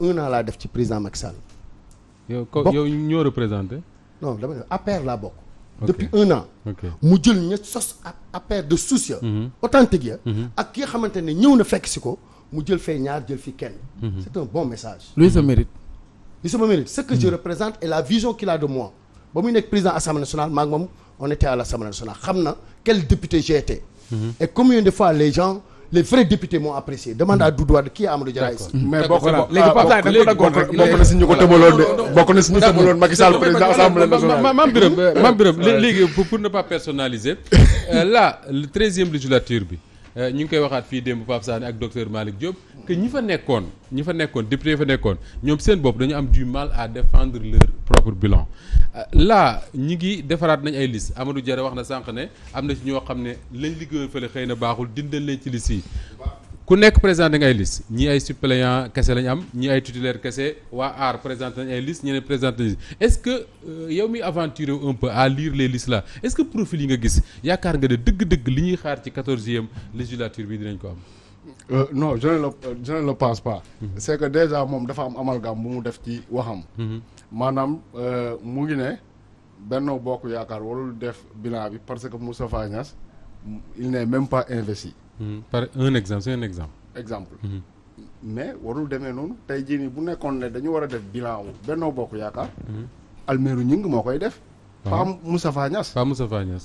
un an laa def ci président Macky Sall. yow ko yow ñoo représenté. non dama ne APR laa bokk. depuis un an. mu jël ña sos APR de souci. Mhm. authentique ya mhm. ak ki nga xamante ne ñëw na fekk si ko mu jël fee ñaar jël fi kenn. Mhm. c'est un bon message. luy sama mérite ce que je représente et la vision qu'il de moi ba muy nekk président assemblée nationale maa ngi moom on était à l'assemblée nationale xam na quel député j'ai et combien de fois les gens. les vrais députés m'ont apprécié demande à Doudou Wade kii Amadou Diarra ici. mais bokk na léegi bokk na si ñu ko tëbaloon de bokk na si ñu tëbaloon Macky Sall président assemblée nationale. Mame Birame Mame Birame léegi pour ne pas personnaliser la euh, le treizième législature bi. Euh, ñu ngi koy waxaat fii démb Pape Sané ak docteur Malick Diop que ñi fa nekkoon ñi fa nekkoon député fa nekkoon ñoom seen bopp dañu am du mal à défendre leur propre bilan euh, là ñi ngi defaraat nañ ay liste Amadou jare wax na sànq ne am na ci ñoo xam ne lañ liggéeyoon fële xëy na baaxul dindal leen ci lis yi ku nekk présenté nga ay liste ñi ay suppléant kese lañ am ñi ay titulaire kese waa aar présenté nañ ay liste ñeneen présenté nañ est-ce que euh, yow mi aventuré un peu à liir les listes là est-ce que profil yi nga gis yaakaar nga ne dëgg-dëgg li ñuy xaar ci quatorzième législature bi dinañ ko am Euh, non je ne le je ne le mhm. que déjà moom dafa am amalgame bu mu def ci waxam. Mhm. maanaam euh, mu ngi ne Benno Bokk Yaakaar warul def bilan bi parce que Moustapha Niasse il même pas investi. Hmm. par un exemple c'est un exemple. exemple. Hmm. mais warul demee noonu tey jii nii bu nekkoon ne dañu war a def bilan wu Benno Bokk Yaakaar. Hmm. almeeru ñing moo koy def. Ah. Paa Moustapha Niass Paa Moustapha Niass.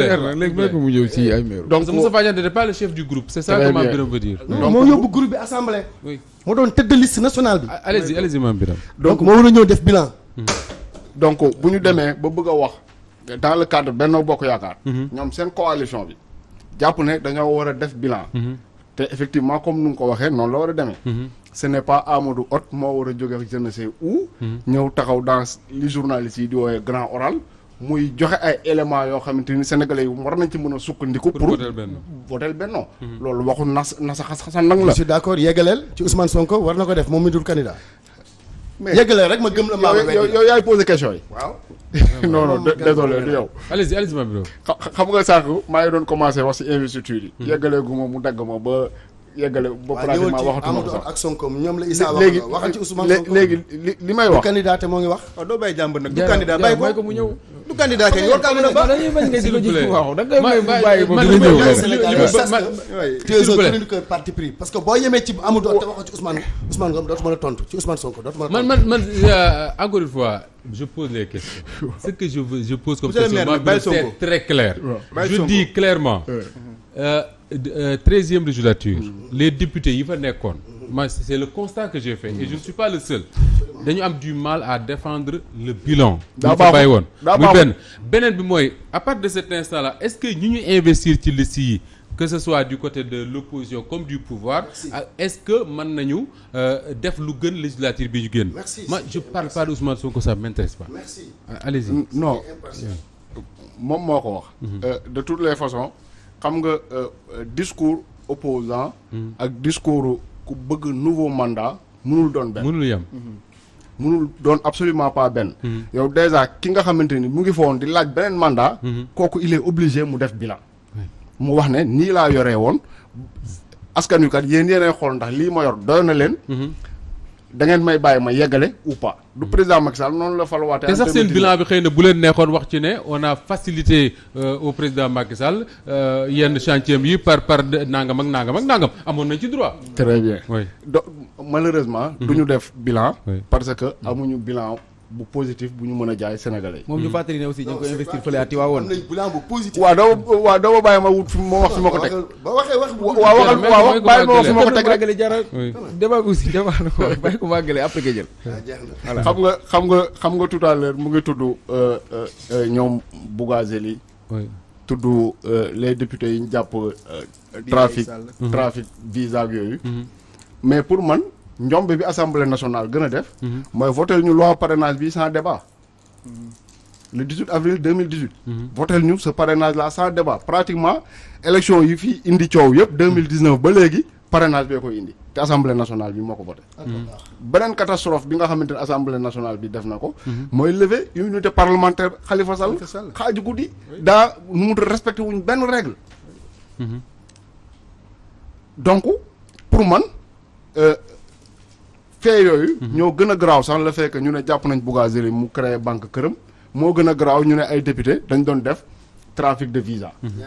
clair léegi léegi mu ñëw ci ay maire. donc Moustapha Diagne n'était pas le chef du groupe. c'est ça que Mame Birame veut dire. moo yóbbu groupe bi assemblée. moo doon tête de liste nationale bi. allez-y allez-y donc moo war a ñëw def bilan. Hmm. donc bu ñu demee ba bëgg a wax. dans le cadre Benno Bokk Yaakaar. Hmm. ñoom seen coalition bi. jàpp ne dañoo war a def bilan. Hmm. te effectivement comme nu nga ko waxee noonu la war a demee. ce n'est pas Amadou Hott moo war a jóge ak je ne sais ñëw taxaw yi di woowee grand muy joxe ay éléments yoo xamante ni sénégalais yi war nañ ci mën a sukkandiku. pour votel benn votel benn. Mhm. loolu waxu nas nasa xasan nag la. je suis d'accord ci Ousmane Sonko war na ko def moom mi dul candidat. mais yeggaleel rek ma gëm la maa yow yow yaay posé question yi. yow. allez xam nga sànq maa ngi doon commencé wax ci investiture yi. Mhm. yeggaleegu ma mu dagg ma ba. yeggale ba pratiquement waxatuma sax ak Sonko ñoom la Issa wax waxal ci Ousmane Sonko léegi li li may wax. du te moo ngi wax. waaw oh, doo bàyyi jàmbur nag du candidat bàyyi ko mu ñëw. du candidat kay war kaa mën a baax dañuy bañ nga di ko ji waaw da ngay may bàyyi ba dina ñëw Sénégal que parti pris parce que boo yemee ci Amadou te waxoo ci Ousmane Ousmane Ngom dootu mën a tontu ci Ousmane Sonko dootu mën a tontu man man man euh, encore une fois je pose les questions ce que je je pose comme question ma bi c'est très clair je dis clairement euh, euh, treizième législature les députés yi fa nekkoon man c'est le constat que j'ai fait et je ne suis pas le seul dañu am du mal à défendre le bilan. daa baaxul woon muy benn beneen bi mooy à part de cet instant là est-ce que ñi ñu investir ci liste yi que ce soit du côté de l'opposition comme du pouvoir. Ah, est-ce que mën nañu euh, def lu gën législature bi ñu génn. merci ma je parle pas de Ousmane Sonko ça m'intéresse pas. merci ah, allez-y moom moo ko wax. Mhm. Euh, de toutes les façons xam nga euh, discours opposant mhm. ak discours ku bëgg nouveau mandat mënul doon benn mënul yem. Mhm. mënul doon absolument pas benn hmm. yow déjà ki nga xamante ni mu ngi fa woon di laaj beneen mandat hmm. kooku il est obligé mu def bilan mu wax ne nii laa yoree woon askan wi kat yéen yéenay xool ndax lii ma yor doy na leen hmm. da ngeen may bàyyi ma yeggale ou pas. du président Macky Sall noonu la faluwaatee. te sax seen bilan bi xëy na bu leen neexoon wax ci ne on a facilité euh, au président Macky Sall euh, yenn chantier yi par par nangam ak nangam ak nangam amoon nañ ci droit. très bien oui donc du ñu def bilan. parce que amuñu bilan. bu positif bu ñu mën a jaay sénégalais. moom ñu fàttali ne aussi ñu ngi ko investir fële à Tivaouane. am nañ doo waaw doo ma bàyyi ma wut fi wax fi ma ko teg. ba waxal waaw wax bàyyi ma wax fi ma ko teg rek. ko bàyyi ko après nga ah, xam nga xam nga xam nga tout à mu ngi tudd euh, euh, euh, ñoom Bougazeli. oui tudd les députés yi ñu jàpp. trafic mhm. trafic visa yooyu. Mhm. mais pour man. njombe bi assemblée nationale gën a def. Mhm. mooy votel ñu loi parrainage bi sans débat. Mhm. le 18 avril 2018. Mhm. votel ñu ce parrainage là sans débat pratiquement élection yi fi indi coow yëpp 2019 ba léegi parrainage bee koy indi te assemblée nationale bi moo ko voté. beneen catastrophe bi nga xamante ne assemblée nationale bi def na ko. mooy lever immunité parlementaire Khalifa Sall. xaaju guddi daa nu mu respecté wuñ benn règle. donc pour man. Euh, fee yooyu. ñoo gën a garaaw sax le fait ñu ne jàpp nañ Bougazelli mu créé banque këram moo gën a garaaw ñu ne ay député dañ doon def trafic de visa. Mhm.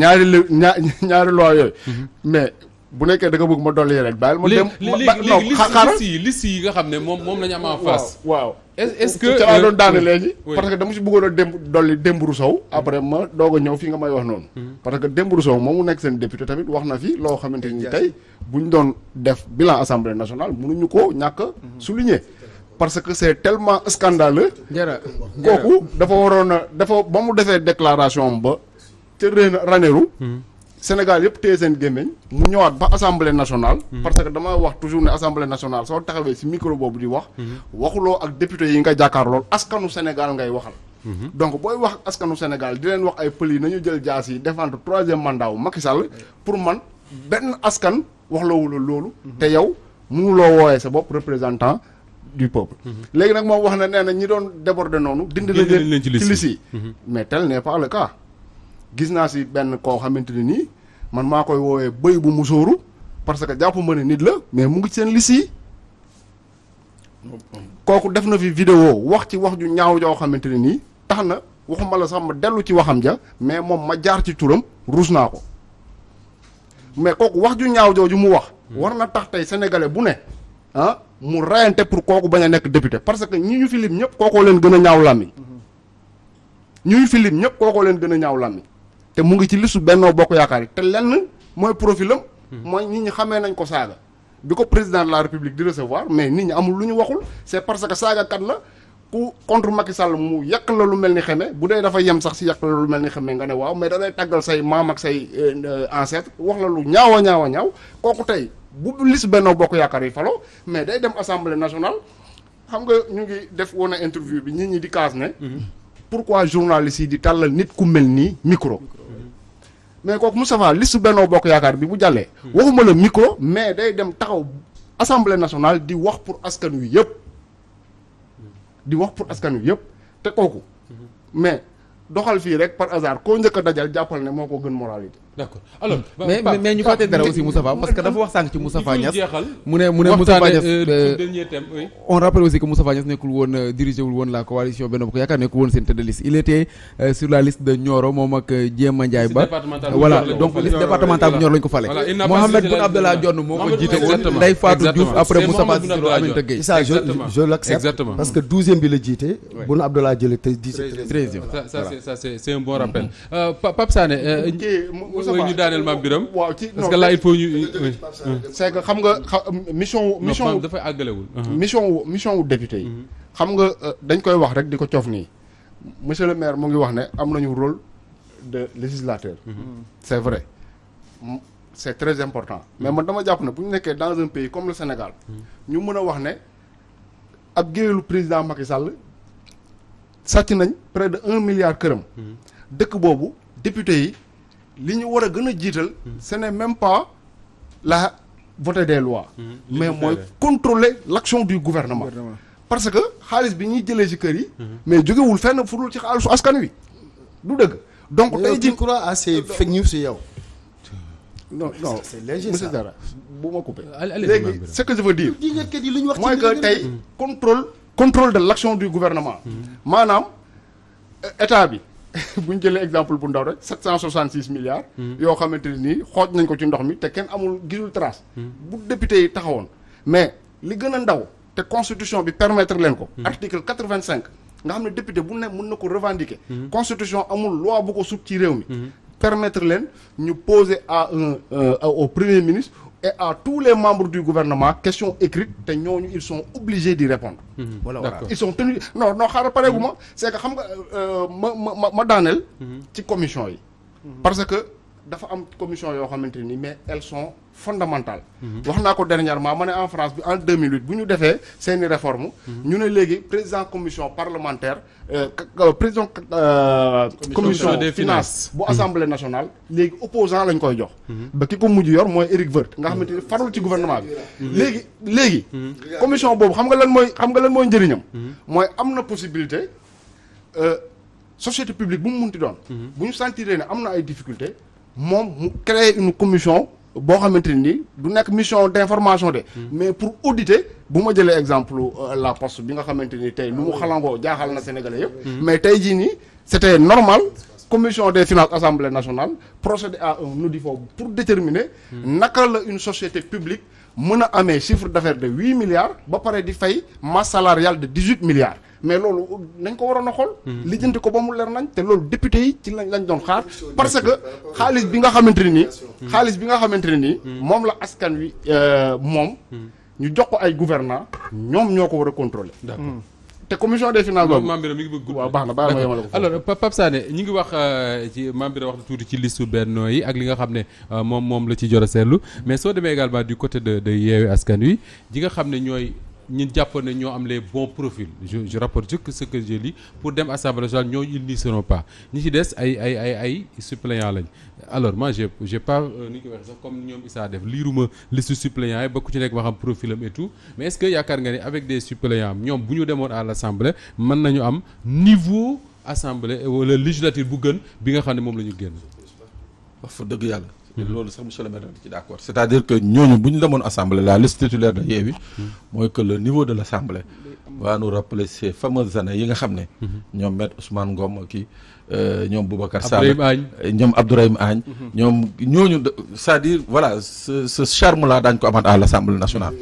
ñaari ñaari ñaari loi yooyu. Mhm. mais bu nekkee da bëgg ma dolli rek baal ma dem léegi liste yi liste yi nga xam ne moom moom la ñu am en face waaw est-ce que ca euh, laa doon daane léegi parce que dama si bëggoon dem démb dolli Dembourou Sow mm-hmm. après ma doog a ñëw fi nga may wax noonu mm-hmm. parce que Dembourou Sow moom mu nekk seen député tamit wax na fi loo xamante ni tey bu ñu doon def bilan assemblée nationale mënuñu koo ñàkk mm-hmm. souligner parce que c'est tellement scandaleux kooku dafa waroon a dafa ba mu defee déclaration ba ca Ranérou Sénégal yëpp téye seen gémmiñ mu ñëwaat ba assemblée nationale. Mhm. parce que dama wax toujours ne assemblée nationale soo taxawee ci micro boobu di wax. Mhm. waxuloo ak député yi nga jàkkaar lool askanu Sénégal ngay waxal. Mhm. donc booy wax ak askanu Sénégal di leen wax ay pël yi nañu jël jaas yi défendre troisième mandat wu Macky Sall pour man benn askan wax la loolu. te yow mënuloo wooyee sa bopp représentant du peuple. léegi nag moom wax na nee na ñi doon déborder noonu. dindi leen ci liste yi gis naa si benn koo xamante ne nii man maa koy woowee bëy bu musóoru parce que jàpp ma ne nit la mais mu ngi seen liste kooku def na fi vidéo wax ci wax ju ñaaw joo xamante ne nii tax na waxuma la sax ma dellu ci waxam ja mais moom ma jaar ci turam ruus naa ko mais kooku wax ju ñaaw jooju mu wax war na tax tey sénégalais bu ne ah mu rayante pour kooku bañ a nekk député parce que ñu ñu fi lim ñëpp kookoo leen gën a ñaaw làmmiñ ñi ñu fi lim ñëpp kookoo leen gën a ñaaw làmmiñ te mu ngi ci listu Benno Bokk Yaakaar yi te lenn mooy profilam hmm. mooy nit ñi xamee nañ ko saaga bi ko président la république di recevoir mais nit amul lu ñu waxul c'est parce que saagakat la ku contre Macky Sall mu yàq la lu mel ni xeme bu dee dafa yem sax si yàq lu mel ni xeme nga ne waaw mais da tàggal say maam ak say euh, ancêtre wax la lu ñaaw a ñaaw a ñaaw kooku tey bu lis Benno Bokk Yaakaar yi falo mais day dem assemblée nationale xam nga ñu ngi def woon a interview bi nit ñi di kaas ne hmm. pourquoi journalistes yi di tàllal nit ku mel nii micro mais kooku Moustapha liste Benno Bokk Yaakaar bi bu jàllee. Hmm. waxuma la micro mais day dem taxaw assemblée nationale di wax pour askan wi yëpp. Hmm. di wax pour askan wi yëpp te kooku. Hmm. mais doxal fii rek par hasard koo njëkk dajal jàppal ne moo ko gën moralité. d'accord alors. Hmm. mais mais ñu fàtte dara aussi Moustapha parce que dafa wax sànq ci Moustapha Niass. mu ne mu ne Moustapha Niass euh, euh, on rappelle aussi que Moustapha Niass nekkul woon euh, dirigé woon la coalition Benno Bokk Yaakaar nekkul woon seen tête de il était sur la liste de Nioro moom ak Jéema Ndiaye Ba. voilà donc liste départementale bu Nioro ko fale. Mohamed Boun Abdallah Dionne moo ko jiite woon Ndeye Fatou Diouf après Moustapha Cissé Lo Aminata Gueye. parce que douzième bi la jiite. Moussa Fall ñu daaneel maam Biram waaw ci parce que là il faut ñu. c'est que xam nga mission wu. mission wu dafay àggalewul. mission uh-huh. mission wu député yi. Mm-hmm. xam nga euh, dañ koy wax rek di ko coof nii monsieur le maire mu ngi wax ne am nañu rôle de législateur. Mm-hmm. c'est vrai c'est très important. mais mm-hmm. man dama jàpp ne bu ñu nekkee dans un pays comme le Sénégal. ñu mën a wax ne ab géwélu président Macky Sall sàcc nañ près de un milliard këram. dëkk boobu député yi. li ñu war a gën a jiital ce n'est même pas la voter des lois mmh. mais mooy controler l'action du gouvernement parce que xaalis bi ñuy jëlee ci kër yi mmh. mais jógewul fenn fu dul ci xaalisu askan wi du dëgg donc tey ci crois à ces euh, fake news si yow non non c'est léger monsieur Diarra bu ma coupé léegi ce que je mooy que tey contrôle contrôle de l'action du gouvernement mmh. maanaam euh, état bi bu ñu jëlee exemple bu ndaw rek 766 milliards. Hmm. yoo xamante ne nii xooj nañ ko ci ndox mi te kenn amul gisul trace. Hmm. bu député yi taxawoon mais li gën a ndaw te constitution bi permettre leen ko. Hmm. article cinq nga xam ne député bu ne mun na ko revendiquer. constitution amul loi bu ko sut ci réew mi. permettre leen ñu poser à un euh, au premier ministre. et à tous les membres du gouvernement question écrite te ñooñu ils sont obligés d'y répondre mhm. voilà voilà ils sont tenus non non xaaral pareegu ma mhm. c'est que xam nga euh, ma ma ma daaneel mhm. ci commission yi parce que dafa am commission yoo xamante nii mais elles sont fondamentales. Mhm. wax naa ko dernièrement ma ne en France bi en 2008 bu ñu defee seeni réforme ñu ne léegi président commission parlementaire euh, président euh, commission des finances bu assemblée nationale léegi opposant lañ koy jox. Mhm. ba ki ko mujj yor mooy Éric Woerth nga xamante ni mhm. farul ci gouvernement bi. léegi léegi. commission boobu xam nga lan mooy xam nga lan mooy njëriñam. mooy am na possibilité euh, société publique bu mu munti doon. bu ñu sentiree ne am na ay difficultés. moom mu créer une commission boo xamante nii du nekk mission d'information de. mais pour auditer bu ma jëlee exemple euh, la poste bi nga xamante ni tey lu mu xalangoo jaaxal na Sénégalais yëpp. Mm-hmm. mais tey jii nii c'était normal. commission des finances assemblée nationale procéder à un audit foofu pour déterminer. Mm-hmm. naka la une société publique. mën a amee chiffre d'affaires de huit milliards ba pare di fay masse salariale de dix huit milliards mais loolu euh, nañ ko waroon a xool. Mhm. lijjanti ko ba mu leer nañ te loolu député yi ci lañ lañ doon xaar. parce que xaalis bi nga xamante ne nii. Mhm. xaalis bi nga xamante ne nii. Mhm. moom la askan wi euh, moom. ñu jox ko ay gouvernants ñoom ñoo ko war a contrôler. te commission des finances boobu Mame Birame mi ngi bëgg baax na baax na ma yemale ko alors Pape Sané ñi ngi wax euh, ci wax na tuuti ci listu Benno yi ak li nga xam ne euh, moom moom la ci jor a mais soo demee également du côté de de Yewwi Askan Wi ji nga xam ne ñooy ñun jàppoon ne ñoo am les bons profils je je rapporte juste ce que j'ai lu pour dem assemblée nationale ñoo ils n'y seront pas ñi ci des ay ay ay ay suppléants lañ alors moi j'ai j'ai pas euh, ni ñu ko waxee comme ñoom Issa def liiruma liste suppléants yi ba ku ci nekk ma xam profil am mais est que yaakaar nga ni avec des suppléants ñoom bu ñu demoon à l'assemblée mën nañu am niveau assemblée euh, wala législature bu gën bi nga xam ne moom la ñu génn. wax fa yàlla. te loolu sax monsieur le maire ci d' accord à dire que ñooñu bu ñu demoon assemblée la liste titulaire de Yewwi mooy que le niveau de l' assemblée va nous rappeler ces fameuses yi nga xam ne ñoom maître Ousmane Ngom kii euh, ñoom Boubacar Sall ñoom Abdourahim Agne mhm. ñoom ñooñu c' est à dire voilà ce ce charme là daañ ko amaat à l' nationale